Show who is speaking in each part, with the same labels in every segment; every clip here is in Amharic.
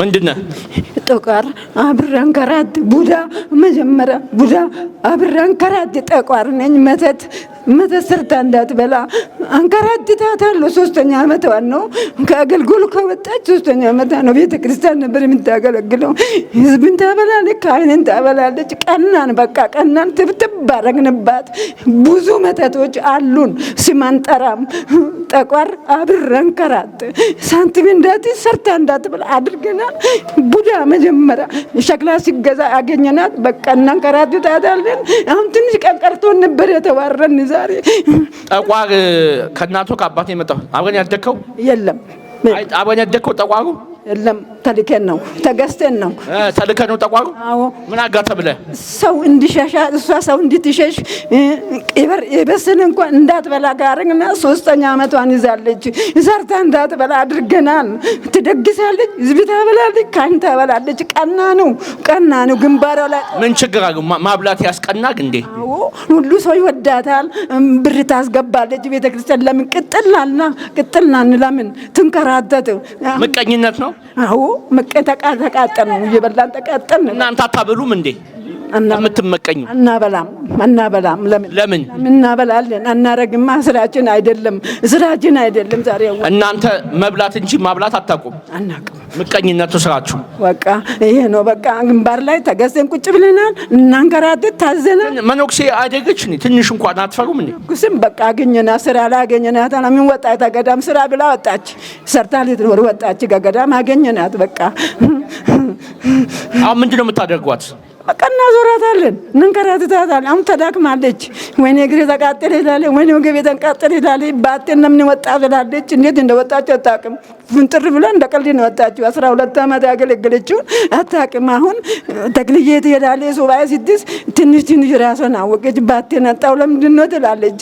Speaker 1: ምንድነ
Speaker 2: ጠቋር አብራን ከራት ቡዳ መጀመሪያ ቡዳ አብራን ከራት ጠቋር ነኝ መተት መተሰርታ እንዳትበላ አንከራትታታለሁ። ሶስተኛ ዓመቷን ነው ከአገልግሎ ከወጣች ሶስተኛ ዓመቷ ነው። ቤተ ክርስቲያን ነበር የምታገለግለው። ህዝብን ታበላለች፣ ካህንን ታበላለች። ቀናን በቃ ቀናን ትብትብ አረግንባት። ብዙ መተቶች አሉን። ስማንጠራም ጠቋር አብር አንከራት ሳንቲም እንዳት ሰርታ እንዳትበላ አድርገናል። ቡዳ መጀመሪያ ሸክላ ሲገዛ ያገኘናት በቃ እናንከራትታታለን። አሁን ትንሽ ቀን ቀርቶን ነበር የተባረን ይዛ ዛሬ
Speaker 1: ጠቋር ከእናቱ ከአባቱ የመጣው አብረን ያደግከው የለም አብረን ያደግከው ጠቋሩ
Speaker 2: የለም ተልከን ነው ተገዝተን ነው
Speaker 1: ተልከን ነው ተቋቁ። አዎ ምን አጋተ ብለ
Speaker 2: ሰው እንዲሸሻ እሷ ሰው እንድትሸሽ ይበር የበስን እንኳን እንዳትበላ ጋርግና ሶስተኛ አመቷን ይዛለች። ሰርታ እንዳትበላ አድርገናል። ትደግሳለች፣ ህዝብ ታበላለች፣ ካን ታበላለች። ቀና ነው ቀና ነው ግንባሯ ላይ
Speaker 1: ምን ችግር አለ? ማብላት ያስቀናል እንዴ? አዎ
Speaker 2: ሁሉ ሰው ይወዳታል። ብር ታስገባለች ቤተክርስቲያን። ለምን ቅጥል ናልና ለምን ትንከራተት
Speaker 1: ምቀኝነት ነው
Speaker 2: አዎ መቀ ተቃጠልን፣ እየበላን ተቃጠልን።
Speaker 1: እናንተ አታበሉም እንዴ? የምትመቀኙ?
Speaker 2: አናበላም አናበላም። ለምን ለምን እናበላለን? አናረግማ። ስራችን አይደለም ስራችን አይደለም። ዛሬ
Speaker 1: እናንተ መብላት እንጂ ማብላት አታውቁም። አናውቅም። ምቀኝነቱ ስራችሁ
Speaker 2: በቃ ይሄ ነው። በቃ ግንባር ላይ ተገዝተን ቁጭ ብለናል። እናንከራትት ታዘናል።
Speaker 1: መነኩሴ አደገች ነ ትንሽ እንኳን አትፈሩም ነ
Speaker 2: ኩስም በቃ አገኘና ስራ ላይ አገኘናት። ምን ወጣት አገዳም ስራ ብላ ወጣች። ሰርታ ልትኖር ወጣች። ገገዳም አገኘናት። በቃ
Speaker 1: አሁን ምንድነው የምታደርጓት?
Speaker 2: ቀና ዞራታለን እንንከራትታታለን። አሁን ተዳክማለች። ወይኔ እግሬ ተቃጠለ ይላለች፣ ወይኔ ወገቤ ተንቃጠለ ይላለች። ባቴን ነምን ወጣ ብላለች። እንዴት እንደወጣች አታውቅም። ፍንጥር ብላ እንደ ቀልድ ነው ወጣችው። አስራ ሁለት ዓመት ያገለገለችው አታውቅም። አሁን ተክልዬ ትሄዳለች። ሱባኤ ስድስት ትንሽ ትንሽ ራሷን አወቀች። ባቴ ነጣው ለምንድን ነው ትላለች።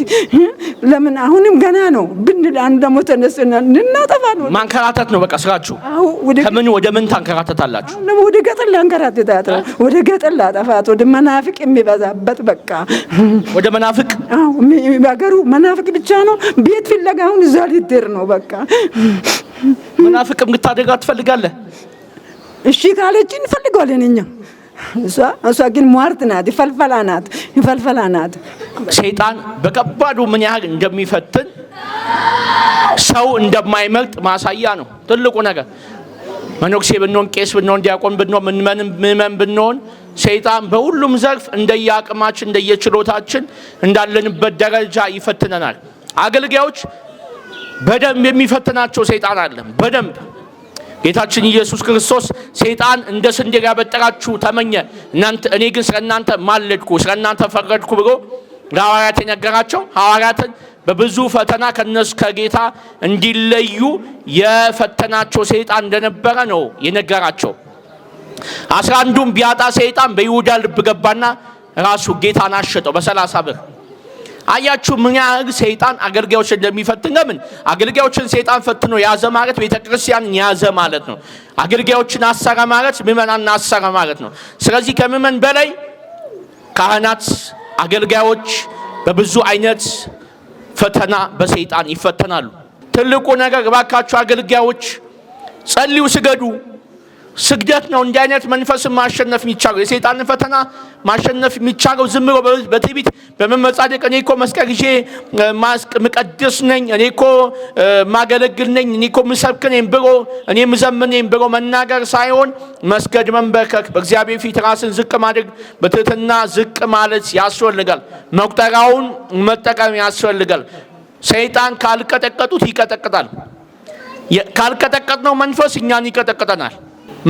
Speaker 2: ለምን አሁንም ገና ነው ብንል አንድ ደግሞ ተነስና እናጠፋ ነው።
Speaker 1: ማንከራተት ነው በቃ ስራችሁ። ከምን ወደ ምን ታንከራተታላችሁ?
Speaker 2: ወደ ገጠር ላንከራተታት ወደ ገጠር ጠቅላላ ጠፋት ወደ መናፍቅ የሚበዛበት በቃ ወደ መናፍቅ ሀገሩ መናፍቅ ብቻ ነው። ቤት ፍለጋ አሁን እዛ ልትሄድ ነው በቃ
Speaker 1: መናፍቅ የምታደጋ ትፈልጋለህ?
Speaker 2: እሺ ካለችን እንፈልገዋለን እኛ እሷ ግን ሟርት ናት፣ ይፈልፈላ ናት፣ ይፈልፈላ ናት።
Speaker 1: ሰይጣን በከባዱ ምን ያህል እንደሚፈትን ሰው እንደማይመልጥ ማሳያ ነው ትልቁ ነገር። መነኩሴ ብንሆን፣ ቄስ ብንሆን፣ ዲያቆን ብንሆን፣ ምእመን ብንሆን ሰይጣን በሁሉም ዘርፍ እንደየአቅማችን እንደየችሎታችን እንዳለንበት ደረጃ ይፈትነናል። አገልጋዮች በደንብ የሚፈትናቸው ሰይጣን አለ። በደንብ ጌታችን ኢየሱስ ክርስቶስ ሰይጣን እንደ ስንዴ ያበጠራችሁ ተመኘ፣ እኔ ግን ስለ እናንተ ማለድኩ፣ ስለ እናንተ ፈረድኩ ብሎ ለሐዋርያት የነገራቸው ሐዋርያትን በብዙ ፈተና ከነሱ ከጌታ እንዲለዩ የፈተናቸው ሰይጣን እንደነበረ ነው የነገራቸው። አስራ አንዱም ቢያጣ ሰይጣን በይሁዳ ልብ ገባና ራሱ ጌታን አሸጠው በሰላሳ ብር። አያችሁ ምን ያህል ሰይጣን አገልጋዮችን እንደሚፈትን። ለምን አገልጋዮችን ሰይጣን ፈትኖ ያዘ ማለት ቤተ ክርስቲያን ያዘ ማለት ነው። አገልጋዮችን አሰረ ማለት ምእመናን አሰረ ማለት ነው። ስለዚህ ከምእመን በላይ ካህናት አገልጋዮች በብዙ አይነት ፈተና በሰይጣን ይፈተናሉ። ትልቁ ነገር እባካችሁ አገልጋዮች ጸልዩ፣ ስገዱ። ስግደት ነው። እንዲህ አይነት መንፈስን ማሸነፍ የሚቻለው የሰይጣንን ፈተና ማሸነፍ የሚቻለው ዝም ብሎ በትዕቢት በመመጻደቅ እኔ እኮ መስቀል ጊዜ ማስቅ ምቀድስ ነኝ፣ እኔ እኮ ማገለግል ነኝ፣ እኔ እኮ ምሰብክ ነኝ ብሎ እኔ ምዘምን ነኝ ብሎ መናገር ሳይሆን መስገድ፣ መንበርከክ፣ በእግዚአብሔር ፊት ራስን ዝቅ ማድረግ፣ በትህትና ዝቅ ማለት ያስፈልጋል። መቁጠሪያውን መጠቀም ያስፈልጋል። ሰይጣን ካልቀጠቀጡት ይቀጠቅጣል። ካልቀጠቀጥነው መንፈስ እኛን ይቀጠቅጠናል።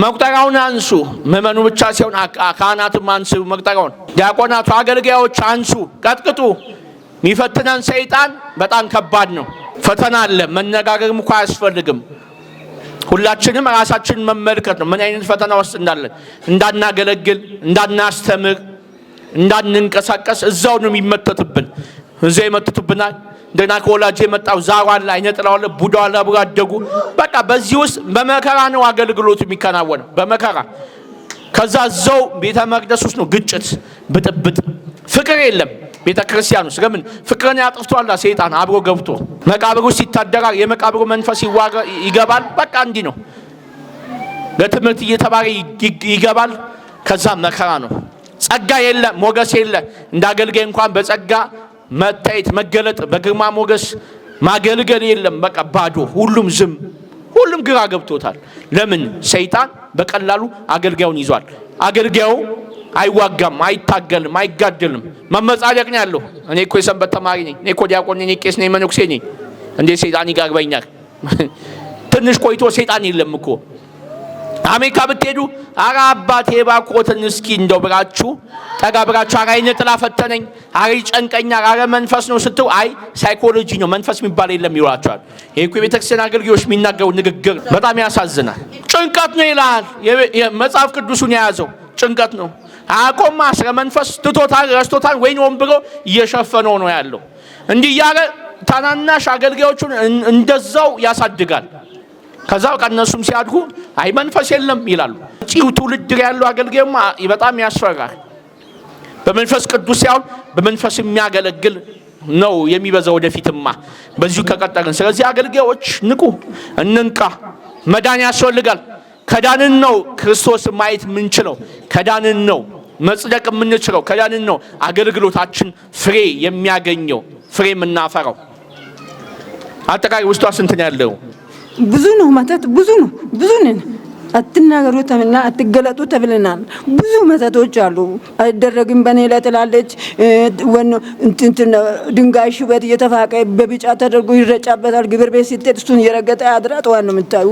Speaker 1: መቁጠሪያውን አንሱ። ምእመኑ ብቻ ሲሆን ካህናትም አንስ መቁጠሪያውን። ዲያቆናቱ፣ አገልጋዮች አንሱ፣ ቀጥቅጡ። የሚፈትነን ሰይጣን በጣም ከባድ ነው። ፈተና አለ። መነጋገርም እኳ አያስፈልግም። ሁላችንም ራሳችን መመልከት ነው። ምን አይነት ፈተና ውስጥ እንዳለን፣ እንዳናገለግል፣ እንዳናስተምር፣ እንዳንንቀሳቀስ እዛው ነው የሚመተትብን፣ እዛ ይመተቱብናል። ደና ከወላጅ የመጣው ዛሯን ላይ ነጥላው ላይ ቡዳው ላይ አብሮ አደጉ። በቃ በዚህ ውስጥ በመከራ ነው አገልግሎቱ የሚከናወነው፣ በመከራ ከዛ ዘው ቤተ መቅደስ ውስጥ ነው ግጭት፣ ብጥብጥ፣ ፍቅር የለም። ቤተ ክርስቲያን ውስጥ ለምን ፍቅርን ያጥፍቷላ? ሰይጣን አብሮ ገብቶ መቃብሩ ውስጥ ይታደራል። የመቃብሩ መንፈስ ይገባል። በቃ እንዲህ ነው። ለትምህርት እየተባረ ይገባል። ከዛ መከራ ነው። ጸጋ የለ፣ ሞገስ የለ። እንደ አገልጋይ እንኳን በጸጋ መታየት መገለጥ በግርማ ሞገስ ማገልገል የለም። በቃ ባዶ፣ ሁሉም ዝም፣ ሁሉም ግራ ገብቶታል። ለምን? ሰይጣን በቀላሉ አገልጋዩን ይዟል። አገልጋዩ አይዋጋም፣ አይታገልም፣ አይጋደልም። መመጻደቅ ነው ያለው። እኔ እኮ የሰንበት ተማሪ ነኝ፣ እኔ እኮ ዲያቆን ነኝ፣ ቄስ ነኝ፣ መነኩሴ ነኝ፣ እንዴት ሰይጣን ይጋግበኛል? ትንሽ ቆይቶ ሰይጣን የለም እኮ አሜሪካ ብትሄዱ አረ አባቴ የባኮትን እስኪ እንደው ብላችሁ ጠጋ ብላችሁ አይነ ጥላ ፈተነኝ፣ አረ ይጨንቀኛል፣ አረ መንፈስ ነው ስትው አይ ሳይኮሎጂ ነው መንፈስ የሚባል የለም ይሏቸዋል። ይህ እኮ የቤተክርስቲያን አገልጋዮች የሚናገሩ ንግግር በጣም ያሳዝናል። ጭንቀት ነው ይላል መጽሐፍ ቅዱሱን የያዘው ጭንቀት ነው። አቆማ ስረ መንፈስ ትቶታል፣ ረስቶታል፣ ወይን ወም እየሸፈነው ነው ያለው። እንዲህ ያለ ታናናሽ አገልጋዮቹን እንደዛው ያሳድጋል። ከዛ በቃ እነሱም ሲያድጉ አይ መንፈስ የለም ይላሉ። ጪው ትውልድ ያለው አገልጋይማ በጣም ያስፈራል። በመንፈስ ቅዱስ ሳይሆን በመንፈስ የሚያገለግል ነው የሚበዛ ወደፊትማ በዚሁ ከቀጠርን። ስለዚህ አገልጋዮች ንቁ፣ እንንቃ። መዳን ያስፈልጋል። ከዳንን ነው ክርስቶስ ማየት የምንችለው፣ ከዳንን ነው መጽደቅ የምንችለው፣ ከዳንን ነው አገልግሎታችን ፍሬ የሚያገኘው ፍሬ የምናፈራው። አጠቃላይ ውስጧ ስንትን ያለው
Speaker 2: ብዙ ነው፣ መተት ብዙ ነው፣ ብዙ ነን። አትናገሩ ተብልና አትገለጡ ተብልናል። ብዙ መተቶች አሉ። አይደረግም በኔ ላይ ትላለች። ድንጋይ ሽበት እየተፋቀ በቢጫ ተደርጎ ይረጫበታል። ግብር ቤት ስትሄድ እሱን እየረገጠ ያድራ ጠዋን ነው የምታዩ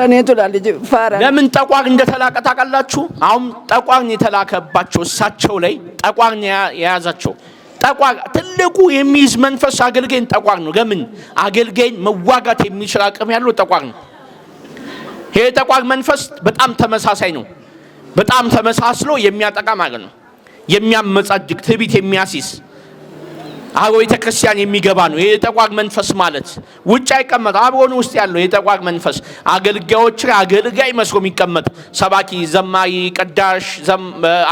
Speaker 2: ለእኔ ትላለች። ፋራ
Speaker 1: ለምን ጠቋን እንደተላቀ ታውቃላችሁ? አሁን ጠቋን የተላከባቸው እሳቸው ላይ ጠቋን የያዛቸው ጠቋር ትልቁ የሚይዝ መንፈስ አገልጋይን ጠቋር ነው። ለምን አገልጋይን መዋጋት የሚችል አቅም ያለው ጠቋር ነው። ይሄ ጠቋር መንፈስ በጣም ተመሳሳይ ነው። በጣም ተመሳስሎ የሚያጠቃ ማለት ነው። የሚያመጻድቅ ትዕቢት የሚያሲስ አብሮ ቤተ ክርስቲያን የሚገባ ነው። ይሄ ጠቋር መንፈስ ማለት ውጭ አይቀመጥ፣ አብሮን ውስጥ ያለው የጠቋር መንፈስ አገልጋዮች አገልጋይ መስሎ የሚቀመጥ ሰባኪ፣ ዘማሪ፣ ቀዳሽ፣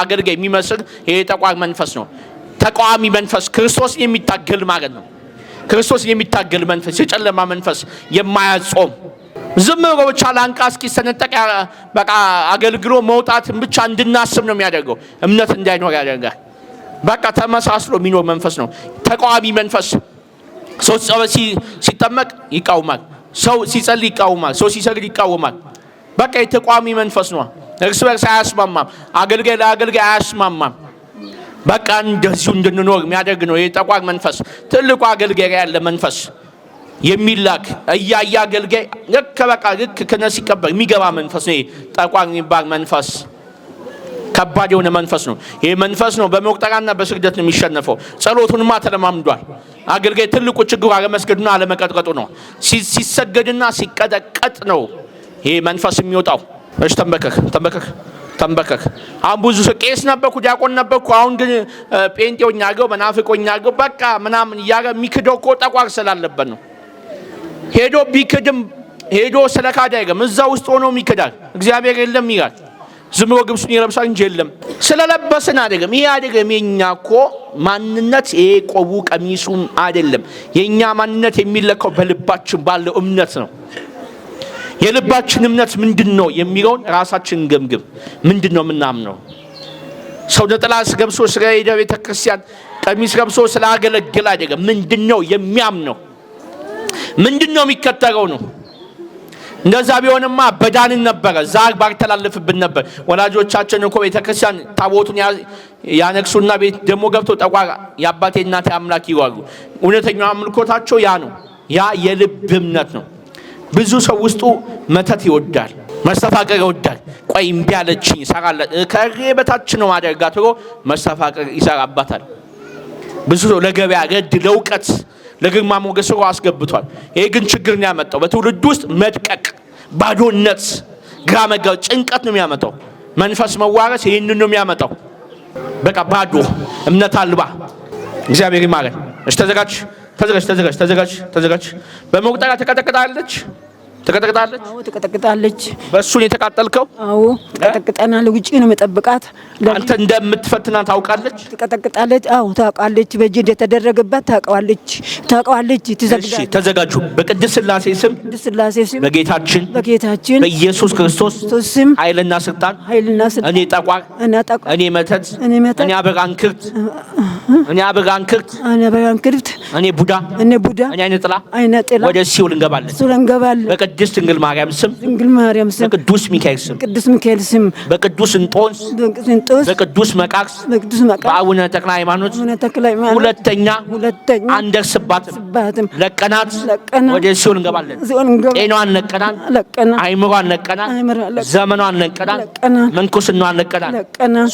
Speaker 1: አገልጋይ የሚመስል ይሄ ጠቋር መንፈስ ነው። ተቃዋሚ መንፈስ ክርስቶስን የሚታገል ማለት ነው። ክርስቶስን የሚታገል መንፈስ፣ የጨለማ መንፈስ የማያጾም ዝም ብሎ ብቻ ላንቃ እስኪሰነጠቅ በቃ አገልግሎ መውጣትን ብቻ እንድናስብ ነው የሚያደርገው። እምነት እንዳይኖር ያደርጋል። በቃ ተመሳስሎ የሚኖር መንፈስ ነው። ተቃዋሚ መንፈስ ሰው ሲጠመቅ ይቃውማል። ሰው ሲጸል ይቃውማል። ሰው ሲሰግድ ይቃወማል። በቃ የተቃዋሚ መንፈስ ነው። እርስ በርስ አያስማማም። አገልጋይ ለአገልጋይ አያስማማም። በቃ እንደዚሁ እንድንኖር የሚያደርግ ነው። የጠቋር መንፈስ ትልቁ አገልጋይ ያለ መንፈስ የሚላክ እያየ አገልጋይ ልክ በቃ ልክ ክህነት ሲቀበር የሚገባ መንፈስ ነው። ጠቋር የሚባል መንፈስ ከባድ የሆነ መንፈስ ነው። ይህ መንፈስ ነው በመቁጠራና በስግደት ነው የሚሸነፈው። ጸሎቱንማ ተለማምዷል። አገልጋይ ትልቁ ችግሩ አለመስገዱና አለመቀጥቀጡ ነው። ሲሰገድና ሲቀጠቀጥ ነው ይህ መንፈስ የሚወጣው። እሽ ተንበከክ ተንበከክ ተንበከክ አሁን ብዙ ሰው ቄስ ነበርኩ ዲያቆን ነበርኩ፣ አሁን ግን ጴንጤውኝ ገው መናፍቆኝ ገው በቃ ምናምን እያገ የሚክደው እኮ ጠቋር ስላለበት ነው። ሄዶ ቢክድም ሄዶ ስለ ካድ አይገም እዛ ውስጥ ሆኖ ይክዳል። እግዚአብሔር የለም ይላል። ዝም ብሎ ግብሱን ይረብሳል እንጂ የለም ስለለበስን አደገም። ይሄ አደገም። የኛ እኮ ማንነት ይሄ ቆቡ ቀሚሱም አይደለም። የእኛ ማንነት የሚለካው በልባችን ባለው እምነት ነው። የልባችን እምነት ምንድን ነው የሚለውን ራሳችን ገምግም። ምንድን ነው የምናምነው? ሰው ነጠላ ለብሶ ስለሄደ ቤተ ክርስቲያን፣ ቀሚስ ለብሶ ስለአገለግል አይደለም። ምንድን ነው የሚያምነው? ምንድን ነው የሚከተለው ነው። እንደዛ ቢሆንማ በዳንን ነበረ፣ ዛር ባልተላለፍብን ነበር። ወላጆቻችን እኮ ቤተ ክርስቲያን ታቦቱን ያነግሱና ቤት ደግሞ ገብቶ ጠቋር የአባቴ እናቴ አምላክ ይዋሉ። እውነተኛው አምልኮታቸው ያ ነው። ያ የልብ እምነት ነው። ብዙ ሰው ውስጡ መተት ይወዳል፣ መስተፋቀር ይወዳል። ቆይ እምቢ አለችኝ ይሰራላት ከሬ በታች ነው ማደርጋ ትሮ መስተፋቀር ይሰራባታል። ብዙ ሰው ለገበያ ረድ፣ ለእውቀት፣ ለግርማ ሞገስ ሮ አስገብቷል። ይሄ ግን ችግር ነው ያመጣው። በትውልድ ውስጥ መድቀቅ፣ ባዶነት፣ ግራ መጋ ጭንቀት ነው የሚያመጣው። መንፈስ መዋረስ ይህንን ነው የሚያመጣው። በቃ ባዶ እምነት አልባ እግዚአብሔር ይማረን። እሽ ተዘጋጅ ተዘጋጅ ተዘጋጅ ተዘጋጅ ተዘጋጅ። በመቁጠሪያ ተቀጠቅጣለች ተቀጠቅጣለች። አዎ
Speaker 2: ተቀጠቅጣለች።
Speaker 1: በእሱ ነው የተቃጠልከው?
Speaker 2: አዎ ተቀጠቅጠናል። ውጪ ነው መጠብቃት።
Speaker 1: አንተ እንደምትፈትና ታውቃለች?
Speaker 2: ተቀጠቅጣለች። አዎ ታውቃለች። በእጅ እንደተደረገባት ታውቃለች፣ ታውቃለች።
Speaker 1: ተዘጋጅ ተዘጋጁ። በቅድስት ሥላሴ ስም
Speaker 2: ቅድስት ሥላሴ ስም
Speaker 1: በጌታችን
Speaker 2: በጌታችን
Speaker 1: በኢየሱስ ክርስቶስ ስም ኃይልና ስልጣን ኃይልና ስልጣን እኔ ጠቋር እኔ እኔ መተት እኔ መተት እኔ አበጋንክርት እኔ አበጋ እንክርት፣
Speaker 2: እኔ አበጋ እንክርት፣ እኔ ቡዳ፣ እኔ ቡዳ፣
Speaker 1: እኔ አይነ ጥላ፣ ወደ ሲኦል እንገባለን፣
Speaker 2: ሲኦል እንገባለን።
Speaker 1: በቅድስት ድንግል ማርያም ስም፣
Speaker 2: ድንግል ማርያም ስም፣
Speaker 1: በቅዱስ ሚካኤል ስም፣
Speaker 2: ቅዱስ ሚካኤል ስም፣
Speaker 1: በቅዱስ እንጦንስ፣ እንጦንስ፣ በቅዱስ መቃርስ፣ በቅዱስ መቃርስ፣ በአቡነ ተክለ ሃይማኖት፣
Speaker 2: አቡነ ተክለ ሃይማኖት፣ ሁለተኛ ሁለተኛ
Speaker 1: አንደርስባትም፣ ባትም፣ ለቀናት፣ ለቀናት፣ ወደ ሲኦል እንገባለን፣ ሲኦል እንገባለን። ጤናዋን ለቀናት፣ ለቀናት፣ አይምሯን ለቀናት፣ ዘመኗን ለቀናት፣ መንኩስናዋን ለቀናት።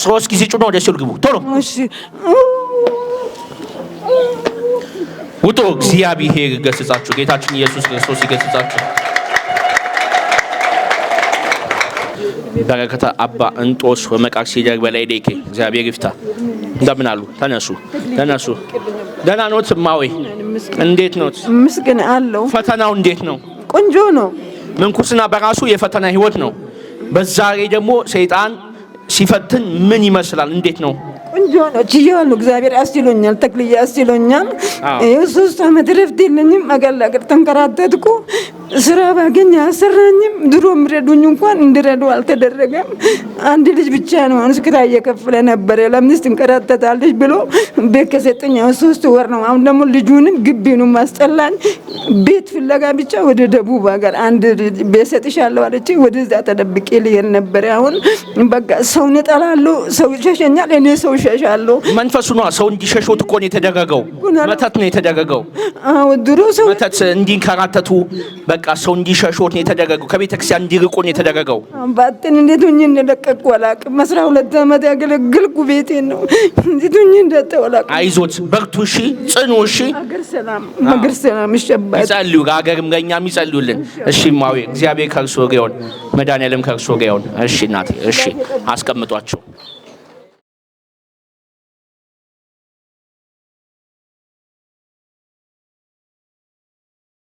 Speaker 1: ሶስት ጊዜ ጩኸት ወደ ሲኦል ግቡ ቶሎ ውጡ፣ እግዚአብሔር ይገስጻችሁ። ጌታችን ኢየሱስ ክርስቶስ ይገስጻችሁ። በረከተ አባ እንጦስ ወመቃርሲደር በላይ ደቄ እግዚአብሔር ይፍታ። እንደምን አሉ? ተነሱ፣ ተነሱ። ደህና ኖት? እማዌ እንዴት ኖት?
Speaker 2: ምስግን አለው።
Speaker 1: ፈተናው እንዴት ነው? ቆንጆ ነው። ምንኩስና በራሱ የፈተና ህይወት ነው። በዛሬ ደግሞ ሰይጣን ሲፈትን ምን ይመስላል? እንዴት ነው?
Speaker 2: ቆንጆ ነው። ችያለሁ። እግዚአብሔር አስችሎኛል። ተክልዬ አስችሎኛል። ሶስት ዓመት ረፍት የለኝም። አገር ለአገር ተንከራተትኩ። ስራ ባገኝ አያሰራኝም። ድሮ የሚረዱኝ እንኳን እንድረዱ አልተደረገም። አንድ ልጅ ብቻ ነው አሁን ስክራ እየከፈለ ነበረ። ለምንስ ትንከራተታለች ብሎ ቤት ከሰጠኝ ሶስት ወር ነው። አሁን ደግሞ ልጁንም ግቢኑ አስጠላኝ። ቤት ፍለጋ ብቻ ወደ ደቡብ ሀገር አንድ ቤት ሰጥሻለሁ አለች። ወደዛ ተደብቄ ልሄድ ነበረ። አሁን በቃ ሰው ነጠላለሁ፣ ሰው ይሸሸኛል፣ እኔ ሰው ይሸሻለሁ።
Speaker 1: መንፈሱ ነ ሰው እንዲሸሾት እኮ ነው የተደረገው። መተት ነው የተደረገው። ድሮ ሰው መተት እንዲንከራተቱ በቃ ሰው እንዲሸሾት የተደረገው። ከቤተ ክርስቲያን እንዲርቁ የተደረገው።
Speaker 2: አባቴን እንዴት ሆኜ እንደለቀቁ አላውቅም። አስራ ሁለት ዓመት ያገለግልኩ ቤቴ ነው። እንዴት ሆኜ እንደተው አላውቅም።
Speaker 1: አይዞት በርቱ፣ እሺ ጽኑ፣ እሺ
Speaker 2: አገር ሰላም፣ አገር ሰላም ይሸባል።
Speaker 1: ይጸልዩ፣ አገርም ለእኛም ይጸልዩልን። እሺ ማዊ እግዚአብሔር ከእርሱ ጋር ይሁን፣ መድኃኒዓለም ከእርሱ ጋር ይሁን። እሺ እናቴ፣ እሺ አስቀምጧቸው።